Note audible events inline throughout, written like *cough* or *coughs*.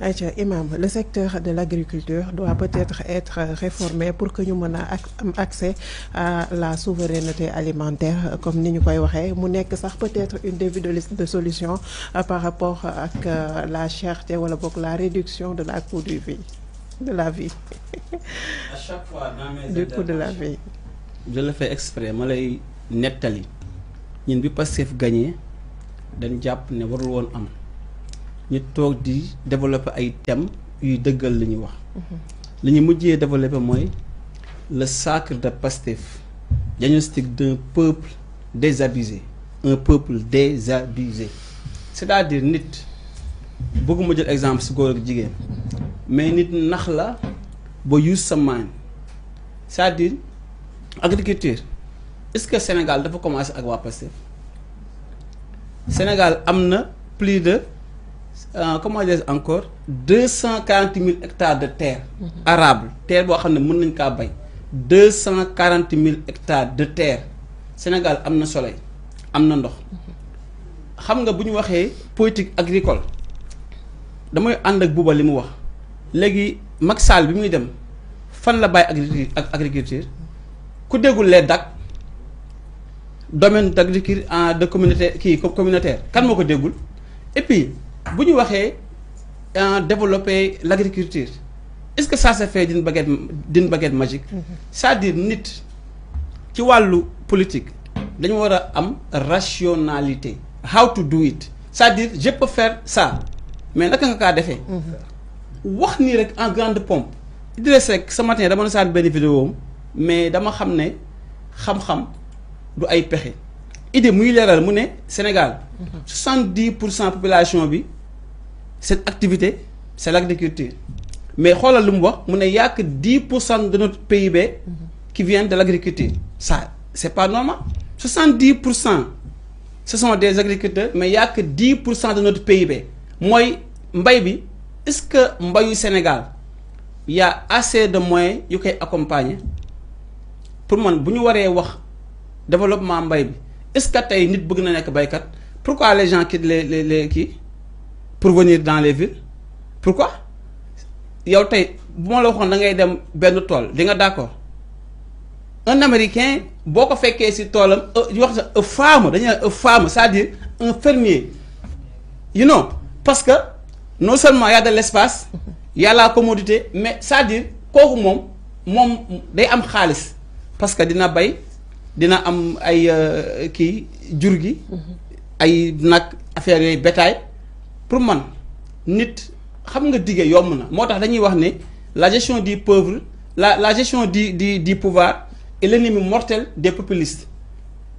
Aïcha Imam le secteur de l'agriculture doit peut-être être réformé pour que nous ayons accès à la souveraineté alimentaire comme nous ñu koy waxee mu nekk sax peut-être une début de solution euh, par rapport à euh, la cherté ou la réduction de la coût de vie de la vie. *laughs* à chaque fois dans mes du coût de la vie. je le fais exprès ma lay nettali nous bi pouvons gagné dañ nous ne warul woon am nous toog di développer ay thèmes yu deugal li ñu wax li ñu développer moy le sacre de Pastef diagnostic d'un peuple désabusé un peuple désabusé c'est-à-dire nit bëgguma jël exemple ci ak mais nit nax la de use c'est-à-dire l'agriculture. est-ce que le Sénégal dafa commencé ak wa Pastef Sénégal a plus de Euh, comment dire encore deux cent quarante mille hectares de terre mm arable terre boo xam ne mën nañ kaa bay deux cent quarante mille hectares de terre Sénégal am na soleil am na ndox mhm. xam nga bu ñu waxee politique agricole damay ànd ak buuba li mu wax léegi Macky Sall bi muy dem fan la bàyyi agri ak agriculture ku déggul les DAC domaine d'agriculture euh, de communauté kii communautaire kan moo ko déggul et puis on parle de développer l'agriculture, est ce que ça s'est fait d'une baguette baguette magique mm-hmm. c'est-à-dire nit ci wàllu politique dañu war a am rationalité how to do it c'est-à-dire je peux faire ça mais qu'est-ce nga kaa defee mm-hmm. wax nii rek en grande pompe dirais que ce matin dama na saan une vidéo mais dama xam ne xam-xam du ay il idée muy leeral mu Sénégal 70% de la population bi cette activité c'est l'agriculture mais regardez lu a que 10 de notre PIB qui vient de l'agriculture ça c'est pas normal 70 ce sont des agriculteurs mais il n'y a que 10 de notre PIB est-ce que au Sénégal il y a assez de moyens qui accompagner pour si si nous wax développement est-ce que tu nit une na de pourquoi les gens qui les pour venir dans les villes pourquoi il y a la le da ngay dem benn d'accord un américain beaucoup fait que ci toolam e, a e femme dañu e femme c'est-à-dire un fermier you know parce que non seulement il y a de l'espace il y a la commodité mais c'est-à-dire mon moom moom day am xaalis parce que dina bay dina am ay qui euh, djurgi mhm. ay nak affaire yooyu bétail pour moi, nit xam nga la gestion du pauvre la gestion du du pouvoir est l'ennemi mortel des populistes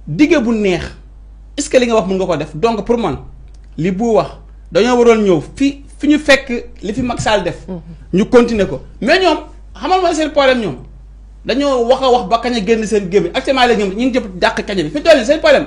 Digue bu est-ce que li nga wax mën ko def donc pour man li bu wax ñew fi fekk li fi def. Mhm. ñu continuer ko mais xamal ma problème ñom waxa wax ba problème.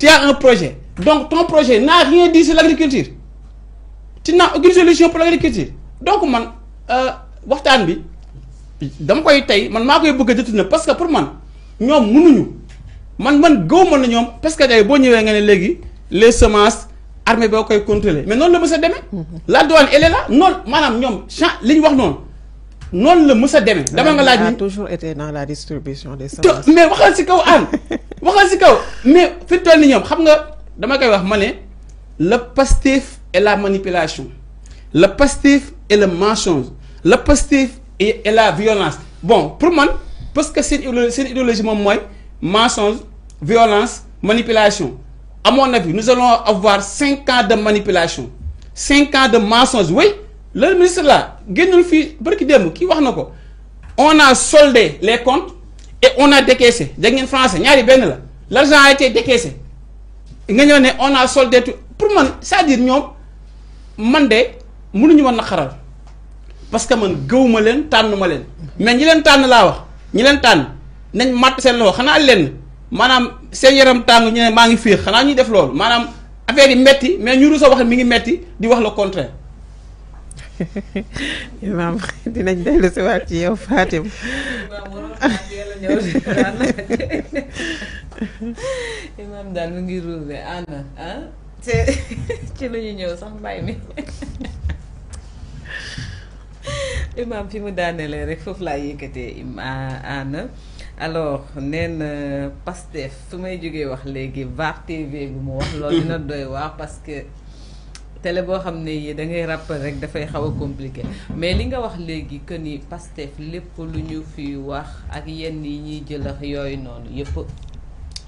tu as un projet. Donc ton projet n'a rien dit sur l'agriculture. Tu n'as aucune solution pour l'agriculture. Donc man euh, waxtaan bi je koy man parce que pour man mënuñu man man gëw man na parce que nga les semences armée boo koy contrôler mais non, la monsieur a mm-hmm. la douane elle est là Non, madame, nous sommes non le a dama toujours été dans la distribution des semences. mais waxal si kaw aan waxal si kaw mais fi mu toll ni ñoom xam nga dama koy wax le pastif est la manipulation le pastif est le mensonge le pastif est la violence bon pour moi, parce que c'est une idéologie moi, mensonge violence manipulation à mon avis nous allons avoir 5 cas de manipulation 5 cas de mensonge oui. le ministre là génnul fii barki démb kii wax na ko on a soldé les comptes et on a décaissé dégg ngeen français ñaari benn la l' argent a nga ñëw ne on a soldé tout pour man c'est-à-dire ñoom man de mënuñu ma naqaral parce que man gëwuma leen tànn ma leen mais ñi leen tànn laa wax ñi leen tànn nañ màtt seen loxo xanaa lenn maanaam seen yaram tàng ñu ne maa ngi fii xanaa ñuy def loolu maanaam affaire yi metti mais ñu rusa wax mi ngi metti di wax la contraire *laughs* imaam dinañ dellu si waat ci yow Fatim *laughs* imaam daal mu ngi ruube ana ah te *laughs* ci la ñu ñëw sax mbay mi imaam fi mu daanelee rek foofu laa yëkkatee ima ana alors nee na su may jógee wax léegi VAR TV bi mu wax loolu dina doy waar parce télé boo xam ne yii da ngay rappel rek dafay xaw a compliqué mais li nga wax léegi que ni Pastef lépp lu ñu fi wax ak yenn yi ñuy jëlax yooyu noonu yëpp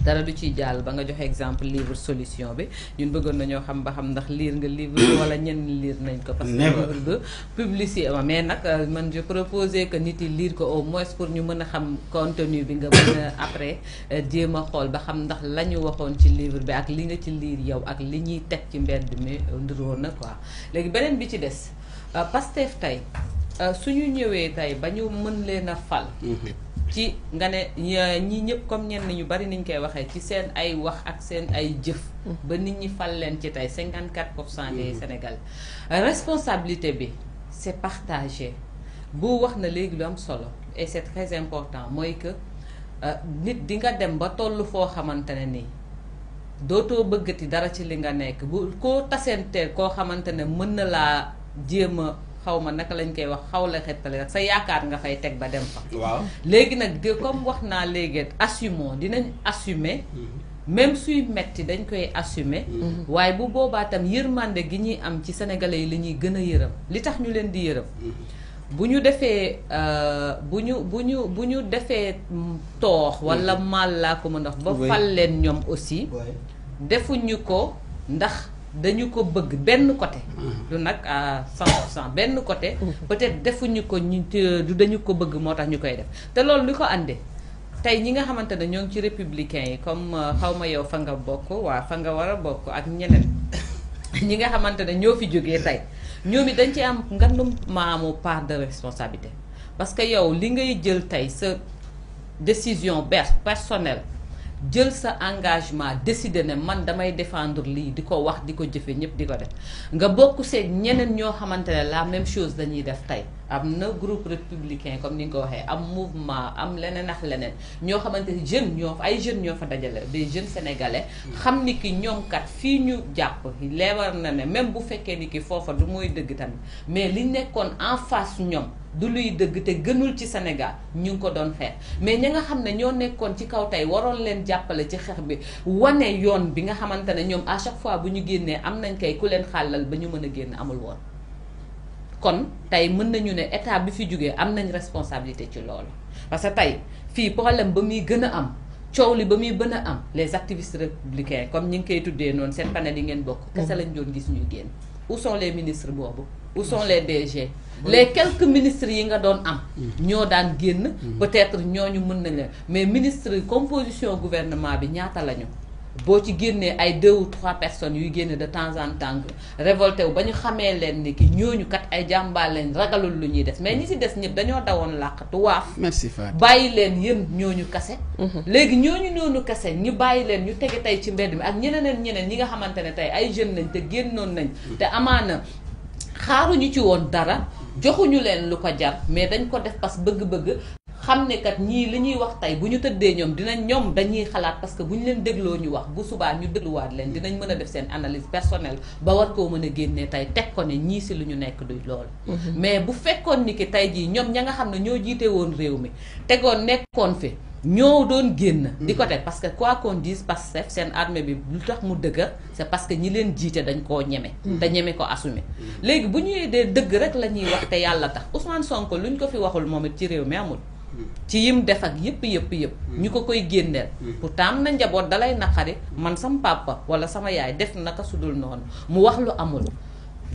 dara du ciy jàll ba nga joxe exemple livre solution bi ñun bëggoon na ñoo xam ba xam ndax liir nga livre wala ñenn liir nañ ko. parce que livre de mais nag euh, man je proposais que nit yi lire ko au moins pour ñu mën a xam contenu bi nga mën a après euh, jéem a xool ba xam ndax la ñu waxoon ci livre bi ak li nga ci liir yow ak li ñuy teg ci mbedd mi euh, nduróo na quoi léegi beneen bi ci des Pastef tey. Euh, su ñu ñëwee tey ba ñu mën leen a fal. Mhm. ci nga ne ñi ñëpp comme ñenn ñu bari niñ koy waxee ci seen ay wax ak seen ay jëf. Mhm. ba nit ñi fal leen ci tey 54 pour cent des mhm. Sénégalais. responsabilité bi c'est partagé bu wax na léegi lu am solo et c'est très important mooy que euh, nit di nga dem ba toll foo xamante ne nii. dootoo bëggati dara ci li nga nekk bu koo tasenteel koo xamante ne mën na laa jéem a xaw ma naka lañ koy wax xaw la xettali rek sa yaakaar nga fay teg ba dem fa. waaw léegi nag de comme wax naa léegi assumons dinañ assumer. Mm-hmm. même suy metti dañ koy assumer. Mm-hmm. waaye bu boobaa tam yërmande gi ñuy am ci sénégalais yi la ñuy gën a yërëm li tax ñu leen di yërëm. Mm-hmm. bu ñu defee euh, bu ñu bu ñu bu ñu defee toox wala mal laa ko mën a wax ba fal leen ñoom aussi. defuñu ko ndax. dañu ko bëgg benn côté. du nag à 100% benn côté. peut-être defuñu ko ñu dañu ko bëgg moo tax ñu koy def te loolu li ko àndee tey ñi nga xamante ne ñoo ngi ci républicain yi comme euh, xaw ma yow fa nga bokk waa fa nga war a bokk ak ñeneen *coughs* ñi nga xamante ne ñoo fi jógee tey ñoom it dañ ci am ngandum maamu part de responsabilité parce que yow li ngay jël tey sa décision ber personnelle. jël sa engagement décider ne man damay défendre lii di ko wax di ko jëfe ñëpp di ko def nga bokk see ñeneen ñoo xamante ne la même chose dañuy def tey am na groupe républicain comme ni nga ko waxee am mouvement am leneen ak leneen ñoo xamante ni jeunes ñoo fa ay jeunes ñoo fa dajale des jeune sénégalais. Mm. xam ni ki ñoom fii ñu jàpp leewar na ne même bu fekkee ni ki foofa mooy dëgg tamit mais li nekkoon en face ñoom. du luy dëgg te gënul ci Sénégal ñu ngi ko doon xeex mais ña nga xam ne ñoo nekkoon ci kaw tey waroon leen jàppale ci xeex bi wane yoon bi nga xamante ne ñoom à chaque fois bu ñu génnee am nañ kay ku leen xàllal ba ñu mën a génn amul woon. kon tey mën nañu ne état bi fi jógee am nañ responsabilité ci loolu parce que tey fii problème ba muy gën a am coow li ba muy bën a am les activistes républicains comme ñi ngi koy tuddee noonu seen panel di ngeen bokk kese lañ doon gis ñuy génn où sont boobu où sont les DG les quelques ministres yi nga doon am ñoo daan génn mm-hmm. peut ñoo ñu mën nañ la mais ministre composition gouvernement bi ñaata lañu boo ci génnee ay deux trois personnes yuy génn de temps en temps révolté wu ba ñu xamee leen ni ki ñooñu kat ay jàmbaar lañ ragalul lu ñuy def mais ñi si des ñëpp dañoo dawoon làqatu waaf. merci Fatou bàyyi leen yéen ñooñu kase. Mhm. léegi ñooñu noonu kase ñu bàyyi leen ñu tege tey ci mbedd mi ak ñeneen ñeneen ñi nga xamante ne tey ay jeunes lañ te génnoon nañ. te amaana xaaruñu ci woon dara joxuñu leen lu ko jar mais dañ ko def parce bëgg-bëgg. xam ne kat ñii li ñuy wax tey bu ñu tëddee ñoom dinañ ñoom dañuy xalaat parce que bu ñu leen dégloo ñu wax bu subaa ñu dégluwaat leen dinañ mën a def seen analyse personnelle ba war koo mën a génnee tey teg ko ne ñii si lu ñu nekk du loolu. Mhm. mais bu fekkoon ni ki tey jii ñoom ña nga xam ne ñoo jiite woon réew mi tegoon nekkoon fi. ñoo doon génn. di ko mhm. teg parce que quoi qu'on dise Pastef seen armée bi lu tax mu dëgër c'est parce que ñi leen jiite dañ koo ñeme. Mhm. te ñeme ko assumer. léegi bu ñu dee dëgg rek la ñuy wax te yàlla tax Ousmane lu ñu ko fi waxul moom it ci réew mi amul. ci yim def ak yëpp yëpp yëpp. Mm. ñu ko koy génneel. Mm. pourtant am na njaboot dalay naqari man sama papa wala sama yaay def naka su dul noonu mu wax lu amul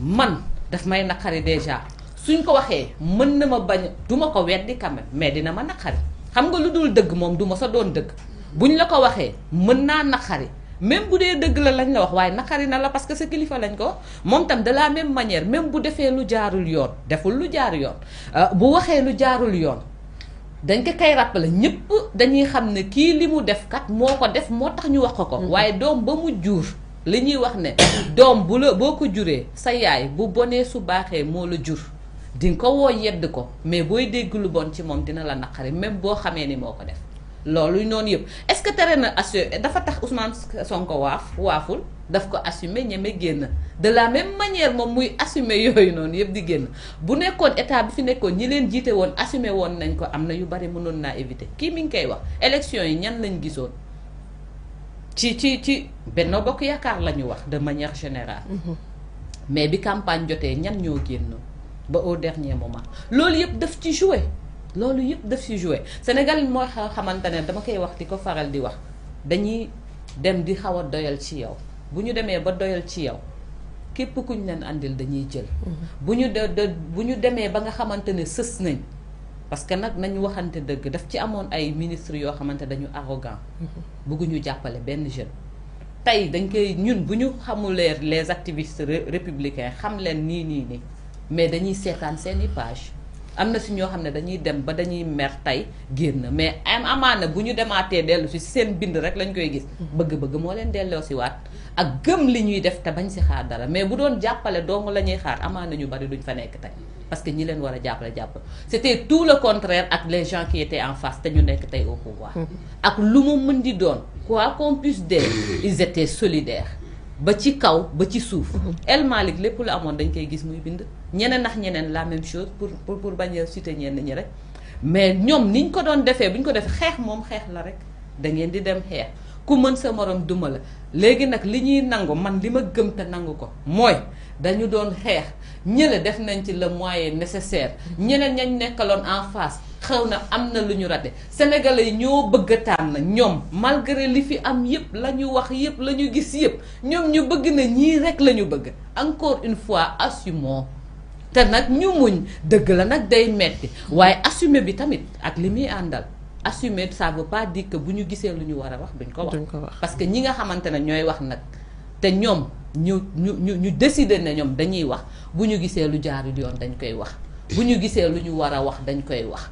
man daf may naqari déjà suñ ko waxee mën na ma bañ duma ko weddi quand même mais dina ma naqari xam nga lu dul dëgg moom duma sa doon dëgg bu buñ la ko waxee mën naa naqari. même bu dee dëgg la lañ la wax waaye naqari na la parce que sa kilifa lañ ko moom tam de la même manière même bu defee lu jaarul yoon deful lu jaar yoon euh, bu waxee lu jaarul yoon dañ ko kay rappelé ñëpp dañuy xam ne kii li mu def kat moo ko def moo tax ñu wax ko ko. Mm-hmm. waaye doom ba mu jur. li ñuy wax ne doom bu la boo ko juree sa yaay bu bonee su baaxee moo la jur di nga ko woo yedd ko mais booy dégg lu bon ci moom dina la naqari même boo xamee ni moo ko def loolu noonu yëpp est-ce que tere na assuré dafa tax Ousmane Sonko waaf waaful. daf ko assumer ñeme génn de la même manière moom muy assumer yooyu noonu yëpp di génn bu nekkoon état bi fi nekkoon ñi leen jiite woon assumé woon nañ ko am na yu bari mënoon naa éviter kii mi ngi koy wax élection yi ñan lañ gisoon ci ci ci benn Bokk Yaakaar la wax de manière général mhm. mais bi campagne jotee ñan ñoo génn ba au dernier moment loolu yëpp def ci jouer loolu yëpp daf ci jouer Sénégal moo xamante ne dama koy wax di ko faral di wax dañuy dem di xaw a doyal ci yow bu ñu demee ba doyal ci yow képp kuñ leen àndil dañuy jël mhm. bu ñu de bu ñu demee ba nga xamante ne sës nañ parce que nag nañu waxante dëgg daf ci amoon ay ministre yoo xamante dañu arrogant mhm. bëgguñu jàppale benn jeune tey dañ koy ñun bu ñu xamulee les activistes républicains xam leen nii nii nii mais dañuy seetaan seeni page am na si ñoo xam ne dañuy dem ba dañuy mer tey génn mais am amaana bu ñu demaatee dellu si seen bind rek lañ koy gis. bëgg-bëgg moo leen delloo si waat ak gëm li ñuy def te bañ si xaar dara mais bu doon jàppale dong la ñuy xaar amaana ñu bari duñ fa nekk tey. parce que ñi leen war a jàppale jàppale c'était tout le contraire ak les gens qui étaient en face te ñu nekk tey au pouvoir. Mm-hmm. ak lu mu mën di doon quoi qu'on puisse dire ils étaient solidaires ba ci kaw ba ci souf mhm. El malik lepp lu amone dañ koy gis muy bind. ñeneen nak ñeneen la même chose pour pour pour bañ cité ñeneen ñenn ñi rek mais ñom niñ ko doon défé buñ ko defee xeex mom xeex la rek da ngeen di dem xeex ku mën sa morom duma la. légui nak liñuy ñuy nangu man lima gëm te nangu ko moy dañu doon xeex ñële def nañ ci le moyen nécessaire mhm. ñeneen ñañ nekkaloon en face. xew na luñu raté sénégalais ñoo bëgg tan ñom malgré li fi am yépp lañu wax yépp lañu gis yépp ñom ñu bëgg na ñi rek lañu bëgg encore une fois assumons té nak ñu muñ dëgg la nak day metti waye assumer bi tamit ak limi andal assumer ça veut pas dire que buñu gisé luñu wara wax duñ ko wax parce que ñi nga xamante na ñooy wax nak té ñom ñu ñu ñu décider né ñom dañuy wax buñu gisé lu di yoon dañ koy wax buñu gisé luñu wara wax dañ koy wax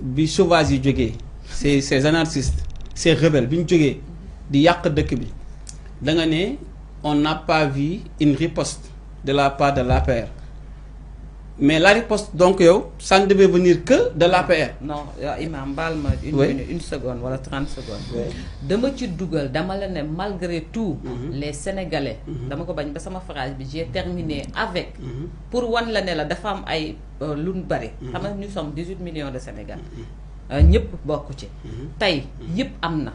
bi sauvage yi c'est ces ces anarchistes ces rebelles biñ ñu di yak dëkk bi da nga on n'a pas vu une riposte de la part de la l'APR mais la riposte, donc, ça ne devait venir que de l'APR. Non, il m'emballe une, oui. une, une, seconde, voilà 30 secondes. Oui. De M. Dougal, malgré tout, mm -hmm. les Sénégalais, mhm. j'ai terminé avec, mm -hmm. pour one l'année, la femme a l'unbaré. Nous sommes 18 millions de Sénégalais. Mhm. Euh, ñëpp bokk ci mhm. tey yëpp am na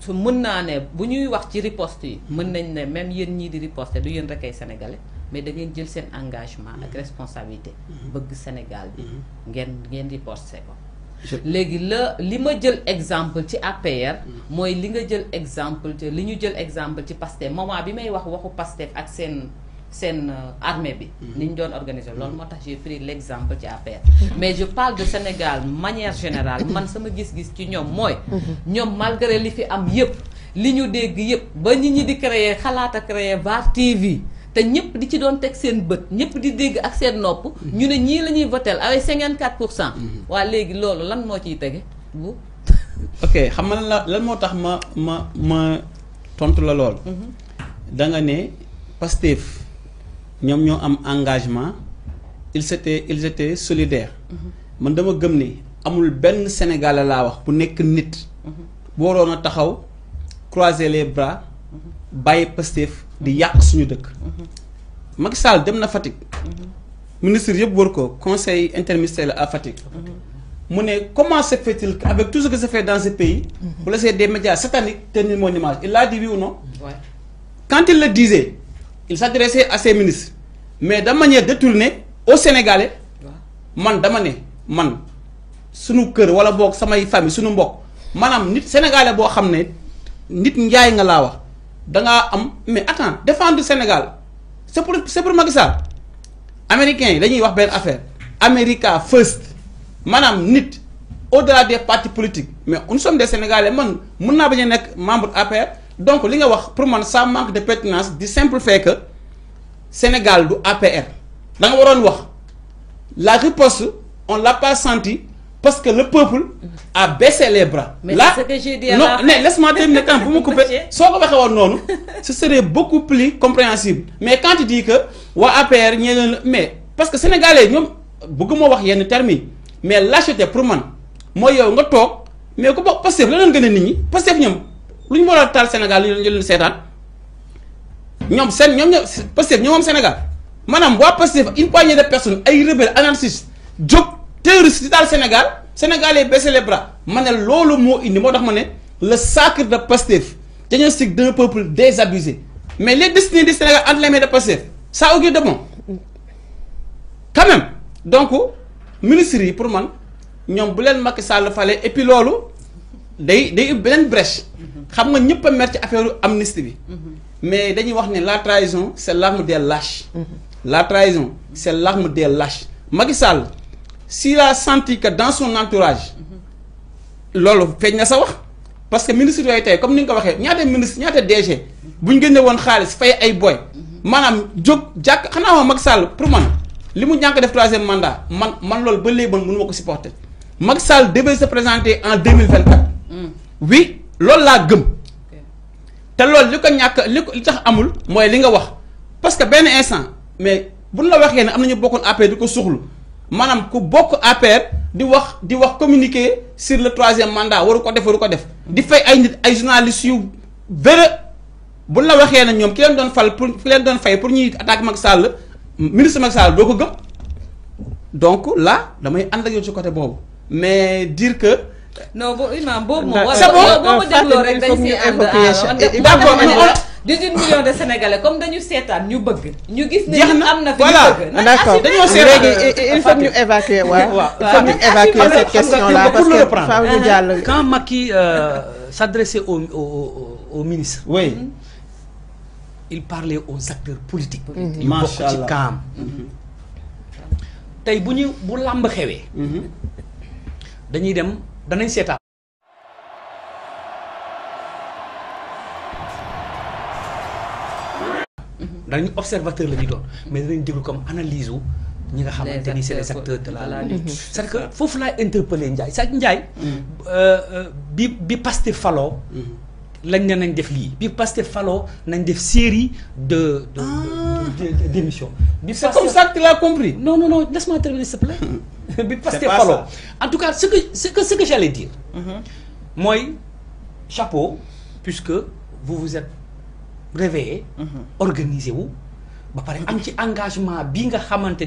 su mën naa ne bu ñuy wax ci riposte yi mën nañ ne même yéen ñii di riposte du yéen rek sénégalais mais da ngeen jël engagement ak responsabilité mhm. bëgg Sénégal bi mhm. ngeen ngeen ko léegi la li ma jël exemple ci APR mhm. li nga jël exemple li Pastef bi may wax waxu Pastef ak armée pris l'exemple ci APR mais je parle de Sénégal manière générale man sama gis-gis ci malgré li fi am yëpp li ñu dégg ba ñi di créer xalaat créer VAR TV te ñëpp di ci di ak nopp la avec ah 54 pour cent mhm. loolu lan *laughs* ok xam nga lan moo tax ma ma ma tontu la lool mhm. da nga ne Pastef engagement ils étaient ils étaient solidaires mhm. man dama gëm ni amul benn Sénégalais laa wax bu nekk nit taxaw croiser les bras bàyyi Pastef di yàq suñu dëkk. Macky Sall dem na Fatick. ministre yëpp wër ko conseil interministériel à Fatick. mu comment se fait-il avec tout ce que se fait dans ce pays. pour laisser des médias sataniques tenir mon image il l'a dit oui ou non. quand il le disait il s'adressait à ses ministres mais de manière détournée au Sénégalais. man dama né man suñu kër wala bok, samay famille suñu mbok Manam nit Sénégalais bo xamné nit njaay nga la wax mais attends défendre le Sénégal c'est pour c'est pour Macky Sall américains ils dañuy wax affaire America first Madame nit au-delà des partis politiques mais nous sommes des Sénégalais man mun des membres APR donc li nga wax pour moi, ça manque de pertinence du simple fait que Sénégal du APR da nga la réponse on l'a pas senti parce que le peuple a baissé les bras. Mais c'est ce que j'ai dit non, laisse-moi terminer quand vous me coupez. *laughs* non, ce serait beaucoup plus compréhensible. Mais quand tu dis que, mais, parce que Sénégalais, nous, beaucoup de gens de terminé. Mais l'acheter pour moi, moi, je suis mais la nit ñi pas Sénégal ne pas il une poignée de personnes terroriste di le Sénégal sénégalais baissé les bras Mané c'est mo qui indi moo tax le sacre de Pastef diagnostic d'un peuple désabusé mais les destinées du Sénégal entre les mains de Pastef ça augure de bon quand même donc le ministère, pour moi, ñom bu que Macky Sall falé et puis il day day une une brèche xam nga ñepp a mer ci affaire amnistie bi mais dañuy wax la trahison c'est l'arme des lâches la trahison c'est l'arme des lâches Macky Sall si la senti que dans son entourage loolu feeñ na sa wax parce que ministre yooyu tey comme ni nga ko waxee ñaata ministre ñaata DG bu ñu génne woon xaalis fay ay boy maanaam jóg jàkk xanaa moom Macky Sall pour man li mu ñàkk def troisième mandat man man loolu ba léegi man mënu ma ko supporter Macky Sall devait se présenter en 2024 oui loolu la gëm te loolu li ko ñàkk li ko tax amul mooy li nga wax parce que benn instant mais buñ la waxee ne am nañu bokkoon APR di ko suxlu manam ku bokk APR di wax di wax communiquer sur le troisième mandat waru ko def waru ko def di fay ay nit ay journalistes yu véreux bu la waxee na ñom ki leen doon fal pour ki leen doon fay pour ñi attaque Macky Sall ministre Macky Sall doo ko gëm donc là damay ànd ak yow ci côté bobu mais dire que. non boo imam bobu moom. c'est bobu boo ko dégloo rek dañ siy ànd. Ah, d'accord 18 millions de sénégalais comme dañu seetaan ñu bëgg. ñu gis ne am fi ñu bëgg. voilà ah, d'accord dañoo seetaan il faut ñu évacuer waaw. il faut ñu évacuer cette question là parce que faaw uh-huh. quand Macky euh, s'adressait au au au ministre. oui. Mm-hmm. il parlait aux acteurs politiques. yu mm-hmm. bokk ci kaam. Mm-hmm. tey bu ñu bu làmb xewee. dañuy dem danañ seetaan. danañu observateur la ñuy doon mais nous déglu comme analyse ñi nga xamante ni c'est les acteurs de la lutte c'est-à-dire que foofu laay interpellé Ndiaye sa Ndiaye mm. euh, euh, bi bi Pastef faloo mm. lañ ne nañ def lii bi Pastef faloo nañ def série de de ah. d'émission bi c'est comme ça que tu l'as compris non non non laisse-moi terminer s'il te plaît *laughs* bi Pastef faloo en tout cas ce que ce que ce que j'allais dire mm-hmm. Moi, chapeau puisque vous vous êtes réveillé. Mhm. organisé wu ba pare am ci engagement bi nga xamante